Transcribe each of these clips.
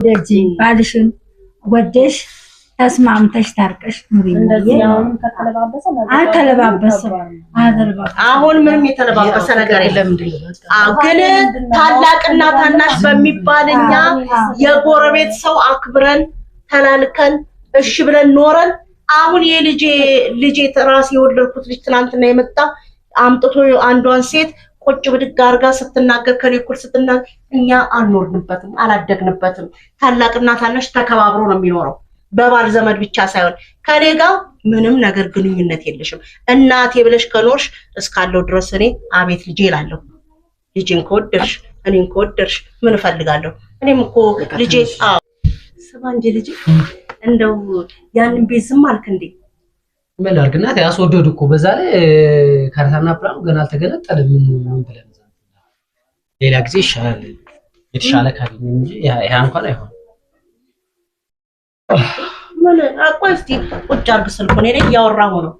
እንደዚህ ባልሽን ወደሽ ተስማምተሽ ታርቀሽ ኑሪ። አልተለባበሰም። አሁን ምንም የተለባበሰ ነገር የለም። ግን ታላቅና ታናሽ በሚባል እኛ የጎረቤት ሰው አክብረን ተላልከን እሺ ብለን ኖረን አሁን የልጄ ልጄ ራሴ የወለድኩት ልጅ ትናንትና የመጣ አምጥቶ አንዷን ሴት ቁጭ ብድግ አርጋ ስትናገር ከኔ እኩል ስትናገር፣ እኛ አልኖርንበትም፣ አላደግንበትም። ታላቅና ታናሽ ተከባብሮ ነው የሚኖረው በባል ዘመድ ብቻ ሳይሆን ከኔ ጋር ምንም ነገር ግንኙነት የለሽም እናቴ ብለሽ ከኖርሽ እስካለው ድረስ እኔ አቤት ልጄ እላለሁ። ልጅን ከወደድሽ እኔን ከወደድሽ ምን እፈልጋለሁ? እኔም እኮ ልጄ ስማ እንጂ ልጄ እንደው ያንን ቤት ዝም አልክ እንዴ? ምን ላድርግ እናቴ አስወደዱ እኮ በዛ ላይ ካርታና ፕላኑ ገና አልተገነጠለም። ምን ብለን ሌላ ጊዜ ይሻላል የተሻለ ካገኘ እንጂ ያ እንኳን አይሆን ምን አቋይ እስኪ ቁጭ አድርግ ስልኩን እኔ እያወራሁ ነው።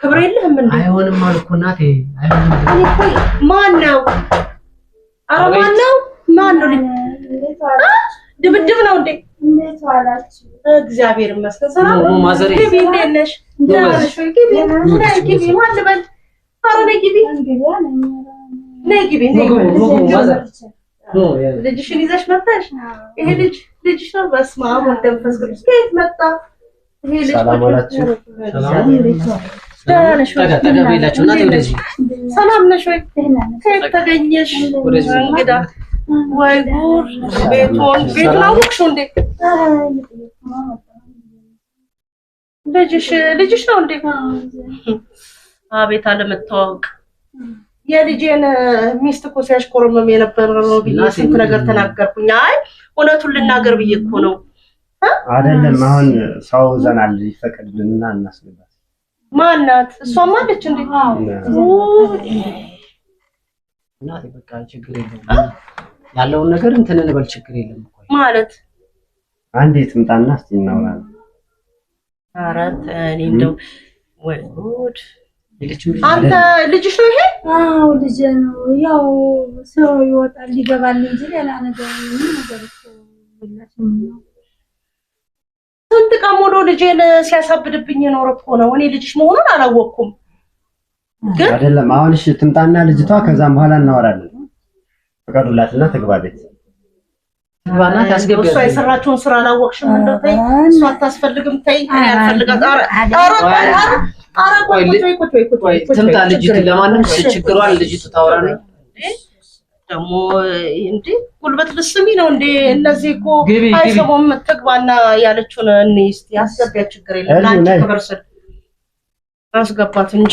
ክብር የለህም እንዴ? አይሆንም አልኩ እናቴ አይሆንም። እኔ እኮ ማን ነው? ኧረ ማን ነው? ማን ነው? ድብድብ ነው እንዴ? እንዴት ዋላችሁ? እግዚአብሔር ይመስገን ሰላም ነው። ማዘር ግቢ፣ እንዴት ነሽ? ደህና ነሽ ወይ? ግቢ ነይ፣ ግቢ ማን ልበል? ኧረ ነይ ግቢ፣ ነይ ግቢ፣ ነይ ልጅሽን ይዘሽ መጣሽ። ይሄ ልጅ ልጅሽ ነው። በስመ አብ ወወልድ ወመንፈስ ቅዱስ ከየት መጣ ይሄ ልጅ? ደህና ነሽ ወይ? ሰላም ነሽ ወይ? ከየት ተገኘሽ እንግዳ ወይ ጉር ቤቱን ቤቱን አወቅሽው እንዴ? ልጅሽ ልጅሽ ነው እንዴ? አቤት አለመታወቅ። የልጄን ሚስት እኮ ሲያሽኮረመም የነበረ ነው ብዬ ስንት ነገር ተናገርኩኝ። አይ እውነቱን ልናገር ብዬ እኮ ነው። አይደለም አሁን ሰው ዘናል ይፈቅድልና እናስገባት። ማናት? እሷም አለች እንዴ? እናቴ በቃ ችግር የለም ያለውን ነገር እንትን እንበል ችግር የለም እኮ ማለት አንዴ ትምጣና እስቲ እናውራለን። አራት እኔ እንደው ወይ ጉድ! አንተ ልጅሽ ነው ይሄ? አዎ ልጅ ነው። ያው ሰው ይወጣል ሊገባል እንጂ ሌላ ነገር ምን ነገር ነው። ስንት ቀን ሙሉ ልጄን ሲያሳብድብኝ የኖረ እኮ ነው። እኔ ልጅሽ መሆኑን አላወቅኩም። አይደለም አሁን እሺ ትምጣና ልጅቷ፣ ከዛም በኋላ እናወራለን ፍቀዱላትና ትግባ ቤት እሷ የሰራችውን ስራ አላወቅሽም። እንደው ተይ፣ እሷ አታስፈልግም። ተይ፣ ቆይ ቆይ ቆይ ትምጣ ልጅቱ። ለማንም ችግሯን ልጅቱ ታወራ ነው ደግሞ እንዴ ጉልበት ልስሚ ነው እንዴ? እነዚህ እኮ አይሰሙም። ትግባና ያለችውን እንይ እስኪ። አስገቢያ ችግር የለም። አስገባት እንጂ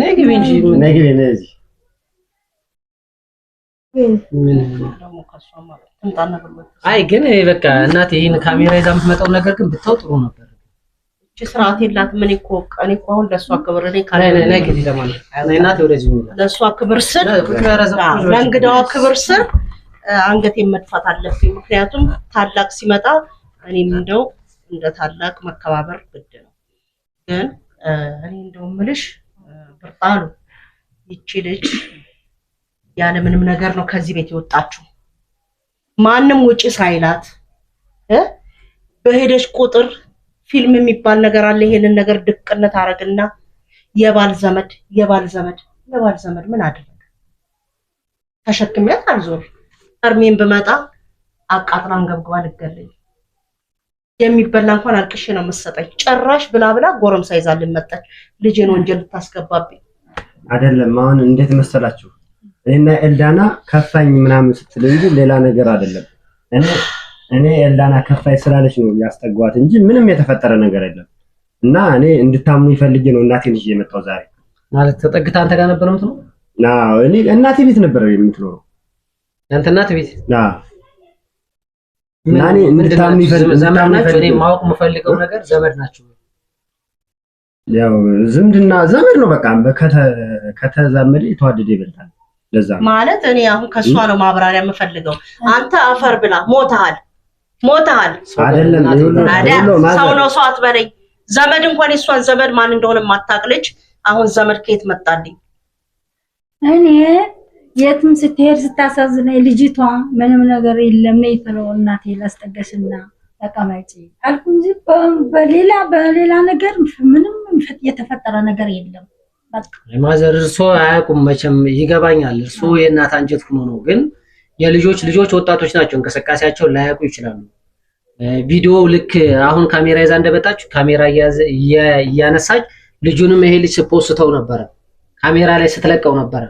ነግቢ እንጂ ነግቢ ነዚህ አይ ግን በቃ እናቴ ይህን ካሜራ ይዛ የምትመጣው ነገር ግን ብታው ጥሩ ነበር። እቺ ስርዓት የላትም። እኔ እኮ እኔ እኮ አሁን ለእሷ ክብር እኔ ለእሷ ክብር ስል ለእንግዳዋ ክብር ስል አንገቴን መድፋት አለብኝ። ምክንያቱም ታላቅ ሲመጣ እኔም እንደው እንደ ታላቅ መከባበር ግድ ነው። ግን እኔ እንደው የምልሽ ነበር ጣሉ። ይቺ ልጅ ያለ ምንም ነገር ነው ከዚህ ቤት የወጣችው። ማንም ውጪ ሳይላት በሄደች ቁጥር ፊልም የሚባል ነገር አለ። ይሄንን ነገር ድቅነት አረግና የባል ዘመድ የባል ዘመድ የባል ዘመድ ምን አደረገ? ተሸክሚያት አልዞር እርሜን ብመጣ አቃጥላን ገብግባ ልገለኝ የሚበላ እንኳን አልቅሽ ነው የምትሰጠኝ። ጭራሽ ብላ ብላ ጎረምሳ ይዛልን መጣች። ልጄን ወንጀል ልታስገባብኝ አይደለም። አሁን እንዴት መሰላችሁ እኔና ኤልዳና ከፋኝ ምናምን ስትል እንጂ ሌላ ነገር አይደለም። እኔ እኔ ኤልዳና ከፋኝ ስላለች ነው ያስጠጓት እንጂ ምንም የተፈጠረ ነገር የለም። እና እኔ እንድታምኑ ይፈልጌ ነው እናቴን ይዤ የመጣው ዛሬ። ማለት ተጠግታ አንተ ጋር ነበር የምትኖረው? አዎ፣ እኔ እናቴ ቤት ነበር የምትኖረው። ያንተ እናት ቤት? አዎ ናኔ እንድታምኑ ማወቅ የምፈልገው ነገር ዘመድ ናቸው። ያው ዝምድና ዘመድ ነው። በቃ ከተዛመደ የተዋደደ ይበልጣል። ለዛ ማለት እኔ አሁን ከእሷ ነው ማብራሪያ የምፈልገው። አንተ አፈር ብላ ሞተሃል፣ ሞተሃል አይደለም። ሰው ነው ሰው አትበለኝ። ዘመድ እንኳን የእሷን ዘመድ ማን እንደሆነ የማታውቅ ልጅ አሁን ዘመድ ከየት መጣልኝ እኔ የትም ስትሄድ ስታሳዝነኝ ልጅቷ ምንም ነገር የለም ነይ ትለው እናቴ ላስጠገሽና ተቀመጪ አልኩ እንጂ በሌላ በሌላ ነገር ምንም የተፈጠረ ነገር የለም። ማዘር እርሶ አያውቁም መቼም ይገባኛል። እርሶ የእናት አንጀት ሆኖ ነው። ግን የልጆች ልጆች ወጣቶች ናቸው፣ እንቅስቃሴያቸው ላያውቁ ይችላሉ። ቪዲዮ ልክ አሁን ካሜራ ይዛ እንደመጣች ካሜራ እያነሳች ልጁንም ይሄ ልጅ ፖስተው ነበረ፣ ካሜራ ላይ ስትለቀው ነበረ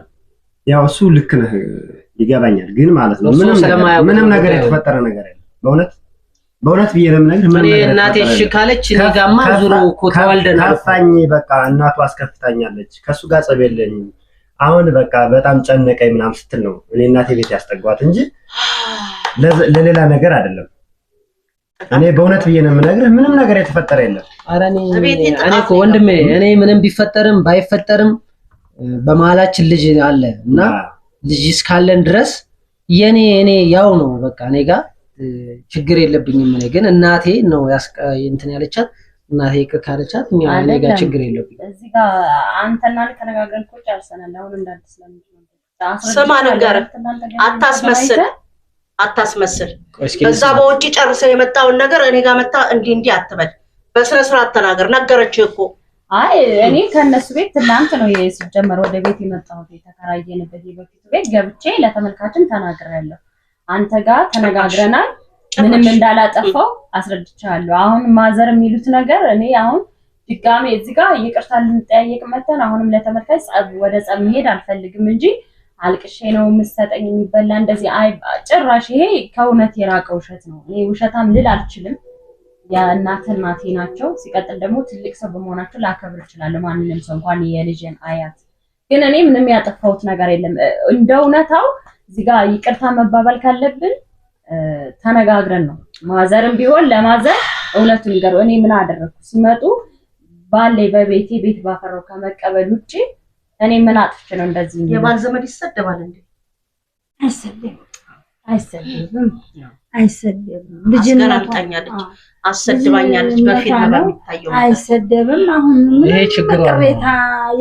ያው እሱ ልክ ነህ ይገባኛል። ግን ማለት ነው ምንም ነገር የተፈጠረ ነገር የለም። በእውነት በእውነት ብዬ ነው የምነግርህ። ምንም ነገር እናቴ እሺ ካለች እኔ ጋማ ዙሮ እኮ ተዋልደናል። ከፋኝ በቃ እናቱ አስከፍታኛለች። ከሱ ጋር ጸብ የለኝም። አሁን በቃ በጣም ጨነቀኝ ምናም ስትል ነው እኔ እናቴ ቤት ያስጠጓት እንጂ ለሌላ ነገር አይደለም። እኔ በእውነት ብዬ ነው የምነግርህ፣ ምንም ነገር የተፈጠረ የለም። ኧረ እኔ እኮ ወንድሜ እኔ ምንም ቢፈጠርም ባይፈጠርም በመሀላችን ልጅ አለ እና ልጅ እስካለን ድረስ የኔ እኔ ያው ነው በቃ እኔ ጋር ችግር የለብኝም። እኔ ግን እናቴ ነው እንትን ያለቻት እናቴ ከካለቻት እኔ ጋር ችግር የለብኝ። እዚህ ጋር አንተና ተነጋግረን እኮ ጨርሰናል። አሁን እንዳልኩት ስማ ነገር አታስመስል አታስመስል። በዛ በውጭ ጨርሰ የመጣውን ነገር እኔ ጋር መታ እንዲህ እንዲህ አትበል። በስነ ስርዓት ተናገር። ነገረችህ እኮ አይ እኔ ከእነሱ ቤት ትናንት ነው ሲጀመር ወደ ቤት የመጣሁት። የተከራየንበት የበፊቱ ቤት ገብቼ ለተመልካችን ተናግሬያለሁ። አንተ ጋር ተነጋግረናል። ምንም እንዳላጠፋው አስረድቻለሁ። አሁን ማዘር የሚሉት ነገር እኔ አሁን ድጋሜ እዚህ ጋር ይቅርታ ልንጠያየቅ መተን አሁንም ለተመልካች ጸብ ወደ ጸብ መሄድ አልፈልግም እንጂ አልቅሼ ነው የምሰጠኝ የሚበላ እንደዚህ ጭራሽ። ይሄ ከእውነት የራቀ ውሸት ነው። እኔ ውሸታም ልል አልችልም። የእናት እናቴ ናቸው። ሲቀጥል ደግሞ ትልቅ ሰው በመሆናቸው ላከብር እችላለሁ፣ ማንንም ሰው እንኳን የልጅን አያት። ግን እኔ ምንም ያጠፋሁት ነገር የለም። እንደ እውነታው እዚህ ጋ ይቅርታ መባባል ካለብን ተነጋግረን ነው። ማዘርም ቢሆን ለማዘር እውነቱን ይገሩ። እኔ ምን አደረግኩ? ሲመጡ ባሌ በቤቴ ቤት ባፈራው ከመቀበል ውጭ እኔ ምን አጥፍቼ ነው እንደዚህ? የባል ዘመድ ይሰደባል እንዴ? አይሰደም አይሰደብም አይሰደብም። ልጅና አልጣኛለች አሰድባኛለች። አይሰደብም። አሁን ቅሬታ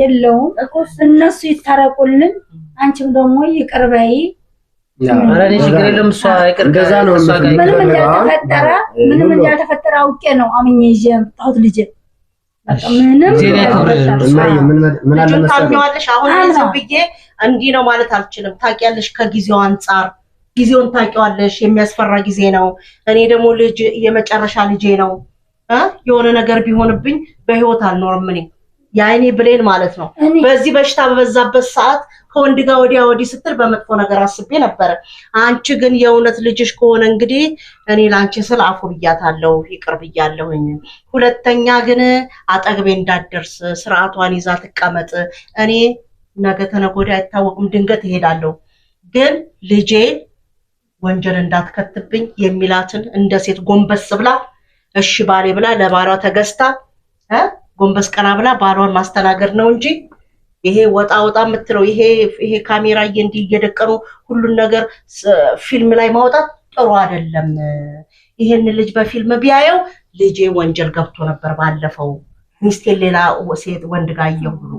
የለውም። እነሱ ይታረቁልን፣ አንቺም ደግሞ ይቅር በይ። ነው። ምንም እንዳልተፈጠረ ምንም እንዳልተፈጠረ አውቄ ነው አምኜ ይዤ የመጣሁት ልጄ ምንም አሁን ብዬ እንዲህ ነው ማለት አልችልም። ታውቂያለሽ ከጊዜው አንጻር ጊዜውን ታውቂዋለሽ። የሚያስፈራ ጊዜ ነው። እኔ ደግሞ ልጅ የመጨረሻ ልጄ ነው። የሆነ ነገር ቢሆንብኝ በህይወት አልኖርም። እኔ የአይኔ ብሌን ማለት ነው። በዚህ በሽታ በበዛበት ሰዓት ከወንድ ጋር ወዲያ ወዲህ ስትል በመጥፎ ነገር አስቤ ነበረ። አንቺ ግን የእውነት ልጅሽ ከሆነ እንግዲህ እኔ ለአንቺ ስል አፉ ብያታለሁ፣ ይቅር ብያለሁኝ። ሁለተኛ ግን አጠግቤ እንዳትደርስ ስርዓቷን ይዛ ትቀመጥ። እኔ ነገ ተነገ ወዲያ አይታወቅም፣ ድንገት እሄዳለሁ። ግን ልጄ ወንጀል እንዳትከትብኝ የሚላትን እንደ ሴት ጎንበስ ብላ እሺ ባሌ ብላ ለባሏ ተገዝታ ጎንበስ ቀና ብላ ባሏን ማስተናገድ ነው እንጂ ይሄ ወጣ ወጣ የምትለው ይሄ ይሄ ካሜራ እንዲህ እየደቀኑ ሁሉን ነገር ፊልም ላይ ማውጣት ጥሩ አይደለም። ይሄን ልጅ በፊልም ቢያየው ልጄ ወንጀል ገብቶ ነበር ባለፈው ሚስቴን ሌላ ሴት ወንድ ጋር እየሁሉ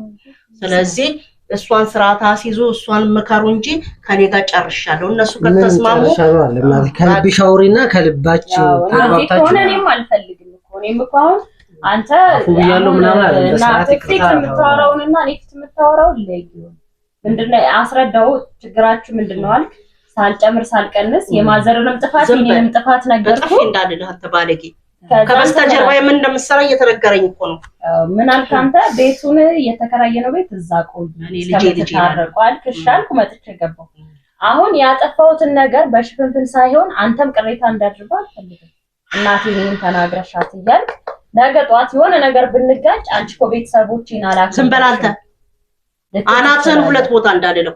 ስለዚህ እሷን ስርዓት አስይዞ እሷን ምከሩ እንጂ ከኔ ጋር ጨርሻለሁ። እነሱ ከተስማሙ ከልብሽ አውሪና ከልባችሁ ተግባብታችሁ እኔም አልፈልግም እኮ እኔም እኮ አሁን አንተ ያለው ምናምን አይደለም ፊት የምታወራውንና እኔ ፊት የምታወራውን ለዩ ምንድነው አስረዳው ችግራችሁ ምንድነው አልክ። ሳልጨምር ሳልቀንስ የማዘርንም ጥፋት የኔንም ጥፋት ነገርኩ እንዳልልህ አንተ ባለጌ ከበስተጀርባ የምን እንደምሰራ እየተነገረኝ እኮ ነው። ምን አልክ አንተ? ቤቱን እየተከራየ ነው ቤት እዛ ቆይ ልጅ አልክሽ አልኩ መጥቼ ገባሁ። አሁን ያጠፋሁትን ነገር በሽፍንፍን ሳይሆን አንተም ቅሬታ እንዳድርገው አልፈልግም። እናቴ እኔን ተናግረሻት እያልክ ነገ ጠዋት የሆነ ነገር ብንጋጭ አንቺ እኮ ቤተሰቦቼን አላክ ዝም በል ሁለት ቦታ እንዳልለው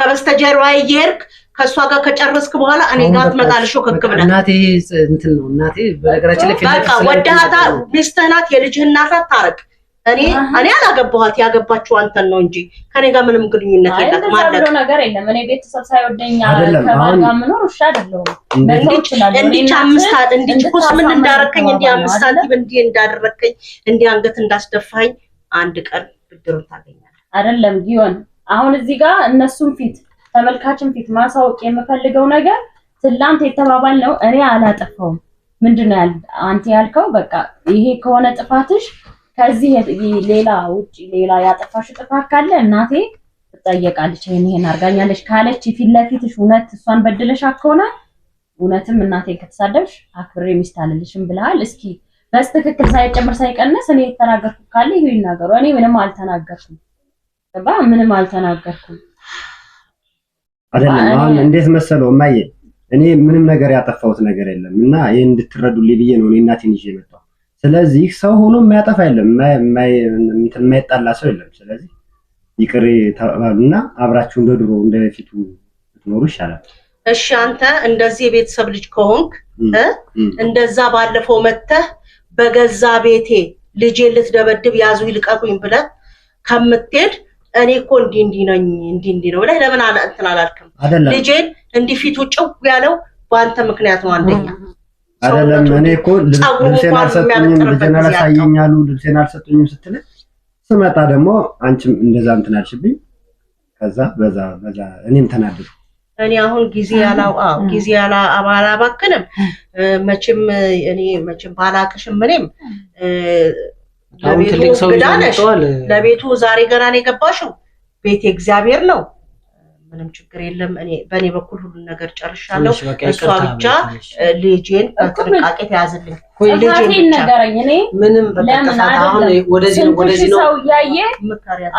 ከበስተጀርባ እየሄድክ ከእሷ ጋር ከጨረስክ በኋላ እኔ ጋር ትመጣለሽ። ክክብ ነህ እናቴ እንትን ነው እናቴ። በነገራችን ላይ በቃ ወዳታ ሚስትህ ናት፣ የልጅህ እናት ታረቅ። እኔ እኔ አላገባኋት ያገባችሁ አንተን ነው እንጂ ከኔ ጋር ምንም ግንኙነት የለም። ማለቅ ነገር የለም። እኔ ቤተሰብ ሳይወደኝ ከባል ጋር ምኖር ውሻ አይደለሁም። እንዲች አምስት ሰዓት እንዲች ኮስ ምን እንዳረከኝ እንዲህ አምስት ሳንቲም እንዲህ እንዳደረከኝ እንዲህ አንገት እንዳስደፋኝ አንድ ቀን ብድሩን ታገኛለህ። አይደለም ጊዮን አሁን እዚህ ጋር እነሱም ፊት ተመልካችን ፊት ማሳወቅ የምፈልገው ነገር ትላንት የተባባልነው እኔ አላጠፋውም። ምንድን ነው አንተ ያልከው? በቃ ይሄ ከሆነ ጥፋትሽ ከዚህ ሌላ ውጭ ሌላ ያጠፋሽ ጥፋት ካለ እናቴ ትጠየቃለች። ይሄን ይሄን አድርጋኛለች ካለች ፊት ለፊትሽ እውነት እሷን በድለሻ ከሆነ እውነትም እናቴ ከተሳደብሽ አክብሬ ሚስት አልልሽም ብለሃል። እስኪ በስትክክል ሳይጨምር ሳይቀነስ እኔ የተናገርኩ ካለ ይሄ ይናገሩ። እኔ ምንም አልተናገርኩም፣ ምንም አልተናገርኩም። አይደለም። አሁን እንዴት መሰለው ማየ እኔ ምንም ነገር ያጠፋሁት ነገር የለም እና ይህን እንድትረዱልኝ ብዬ ነው እኔና ትንሽ የመጣው። ስለዚህ ሰው ሆኖ የማያጠፋ የለም፣ የማይጣላ ሰው የለም። ስለዚህ ይቅር ተባሉና አብራችሁ እንደ ድሮ እንደፊቱ በፊቱ ይሻላል። እሺ አንተ እንደዚህ የቤተሰብ ልጅ ከሆንክ እንደዛ ባለፈው መተህ በገዛ ቤቴ ልጄ ልትደበድብ ያዙ ይልቀቁኝ ብለህ ከምትሄድ እኔ እኮ እንዲህ እንዲህ ነኝ እንዲህ እንዲህ ነው ብለህ ለምን እንትን አላልክም? ልጄን እንዲህ ፊቱ ጭው ያለው በአንተ ምክንያት ነው። አንደኛ አይደለም እኔ እኮ ልብሴን አልሰጡኝም፣ ልጄን አላሳየኝ አሉ። ልብሴን አልሰጡኝም ስትል ስመጣ ደግሞ አንቺም እንደዛ እንትን አልሽብኝ። ከዛ በዛ በዛ እኔም ተናደድኩ። እኔ አሁን ጊዜ ያላው አዎ ጊዜ ያላ አባላ ባክንም መቼም እኔ መቼም ባላቅሽም እኔም ለቤቱ ዛሬ ገና ነው የገባሽው። ቤት የእግዚአብሔር ነው። ምንም ችግር የለም። እኔ በእኔ በኩል ሁሉን ነገር ጨርሻለሁ። እሷ ብቻ ልጄን በጥንቃቄ ተያዝልኝ። ነገረኝ እኔ ምንም ያየ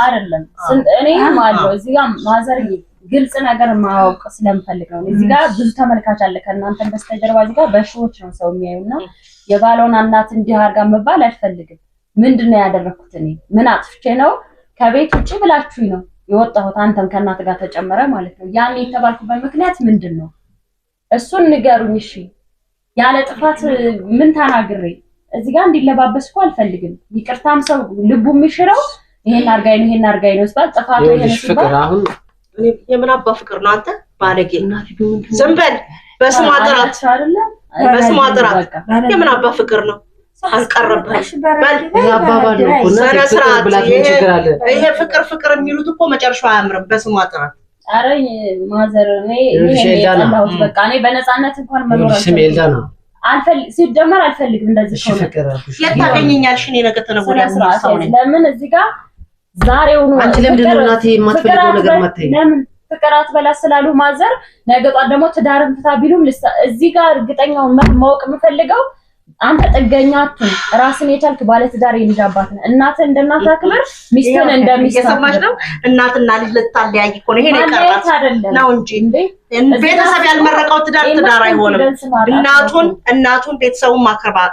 አይደለም እዚህ ማዘር ግልጽ ነገር ማወቅ ስለምፈልግ ነው። እዚህ ብዙ ተመልካች አለ ከእናንተን በስተጀርባ እዚህ በሺዎች ነው ሰው የሚያዩና የባለውን እናት እንዲህ አድርጋ መባል አልፈልግም። ምንድን ነው ያደረኩት? እኔ ምን አጥፍቼ ነው ከቤት ውጭ ብላችሁኝ ነው የወጣሁት? አንተም ከእናት ጋር ተጨመረ ማለት ነው። ያን የተባልኩበት ምክንያት ምንድን ነው? እሱን ንገሩኝ። እሺ፣ ያለ ጥፋት ምን ተናግሬ እዚህ ጋር እንዲለባበስኩ አልፈልግም። ይቅርታም ሰው ልቡ የሚሽረው ይሄን አርጋይ ነው ይሄን አርጋይ ነው ስባል ጥፋቱ ይሄን ስባል አሁን የምን አባ ፍቅር ነው አንተ ባለጌ ዝም በል። በስማ ጥራት በስማ ጥራት የምን አባ ፍቅር ነው ይሄ ፍቅር ፍቅር የሚሉት እኮ መጨረሻው አያምርም። በስሟ ጥራት ኧረ ማዘር እኔ በነፃነት እንኳን መኖር ሲጀመር አልፈልግም። እንደዚህ ከሆነ የት ታገኘኛለሽ? እኔ ነገ ተነጎዳ ለምን እዚህ ጋር ዛሬውኑ ለምን ፍቅር አትበላ ስላሉ ማዘር ነገ ደግሞ ትዳርን ፍታ ቢሉም እዚህ ጋር እርግጠኛውን ማወቅ የምፈልገው አንተ ጥገኛ አትሁን። ራስን የቻልክ ባለትዳር የልጅ አባት ነህ። እናትህ እንደናት አክብር፣ ሚስትህን እንደሚስት የሰማሽ ነው። እናትና ልጅ ልታለያይ እኮ ነው። ይሄን ይቀርባት ነው እንጂ ቤተሰብ ያልመረቀው ትዳር ትዳር አይሆንም። እናቱን እናቱን ቤተሰቡን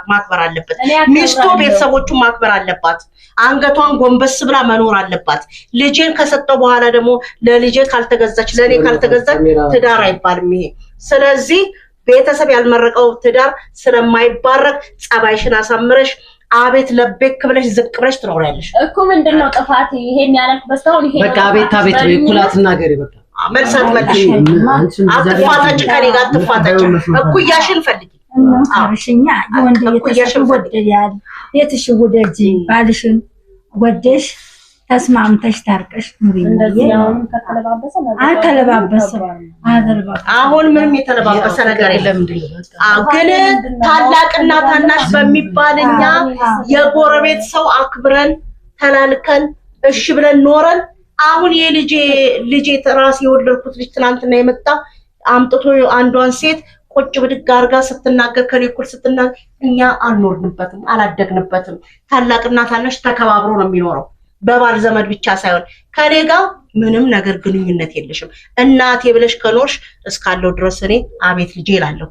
ማክበር አለበት። ሚስቱ ቤተሰቦቹን ማክበር አለባት። አንገቷን ጎንበስ ብላ መኖር አለባት። ልጄን ከሰጠው በኋላ ደግሞ ለልጄ ካልተገዛች ለእኔ ካልተገዛች ትዳር አይባልም ይሄ ስለዚህ ቤተሰብ ያልመረቀው ትዳር ስለማይባረቅ ጸባይሽን አሳምረሽ አቤት ለቤክ ብለሽ ዝቅ ብለሽ ትኖሪያለሽ እኮ። ምንድን ነው ጥፋት? ይሄን ያለክበት በስተሁን ይሄ በቃ ቤት አቤት ኩላት ነገር ይበቃ። መልስ መልሽ አትፋጠጭ፣ ከኔ ጋር አትፋጠጭ። እኩያሽን ፈልጊ። አብሽኛ ወንድ ቤተሰብ ወደድ ያል ቤትሽ ውደጂ ባልሽን ወደሽ ተስማምተሽ ታርቀሽ ኑሪ። አልተለባበሰም። አሁን ምንም የተለባበሰ ነገር የለም። ግን ታላቅና ታናሽ በሚባል እኛ የጎረቤት ሰው አክብረን ተላልከን እሺ ብለን ኖረን አሁን የልጄ ልጄ ራስ የወለድኩት ልጅ ትናንትና የመጣ አምጥቶ አንዷን ሴት ቁጭ ብድግ አርጋ ስትናገር ከኔ እኩል ስትናገር እኛ አልኖርንበትም፣ አላደግንበትም። ታላቅና ታናሽ ተከባብሮ ነው የሚኖረው። በባል ዘመድ ብቻ ሳይሆን ከኔ ጋር ምንም ነገር ግንኙነት የለሽም እናቴ ብለሽ ከኖርሽ እስካለው ድረስ እኔ አቤት ልጄ ይላለሁ።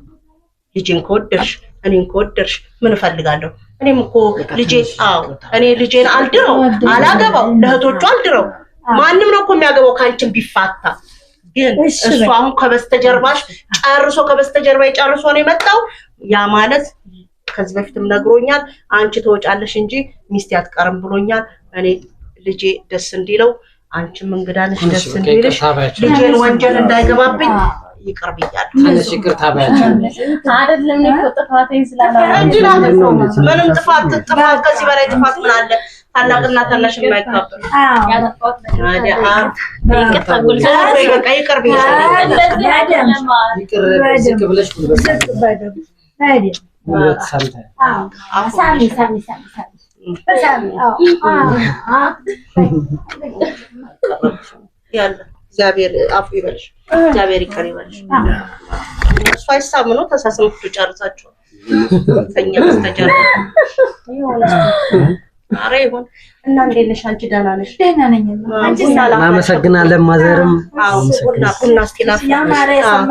ልጅን ከወደድሽ እኔን ከወደድሽ ምን እፈልጋለሁ? እኔም እኮ ልጄ አዎ እኔ ልጄን አልድረው አላገባው ለእህቶቹ አልድረው ማንም ነው እኮ የሚያገባው ከአንቺን ቢፋታ ግን እሱ አሁን ከበስተጀርባሽ ጨርሶ ከበስተጀርባ የጨርሶ ነው የመጣው። ያ ማለት ከዚህ በፊትም ነግሮኛል፣ አንቺ ተወጫለሽ እንጂ ሚስቴ አትቀርም ብሎኛል። እኔ ልጄ ደስ እንዲለው አንቺም እንግዳንሽ ደስ እንዲልሽ ልጄን ወንጀል እንዳይገባብኝ ይቅር ብያለሁ። ምንም ጥፋት ጥፋት ከዚህ በላይ ጥፋት ምን አለ? ታላቅና ታናሽ እግዚአብሔር አፉ ይበልሽ፣ እግዚአብሔር ይቅር ይበልሽ። እሱ አይሳም ነው ተሳስሞቹ ጨርሳችኋል። ከኛ በስተጀርባ ኧረ ይሁን እና እንዴት ነሽ አንቺ? ደህና ነሽ? ደህና ነኝ። እናመሰግናለን። ማዘርም ቡና ስቴላፍ እናንቺ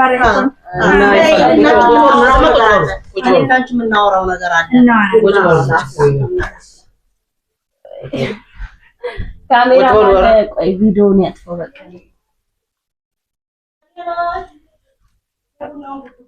የምናወራው ነገር አለ ካሜራ ቪዲዮውን ያጥፈው በቃ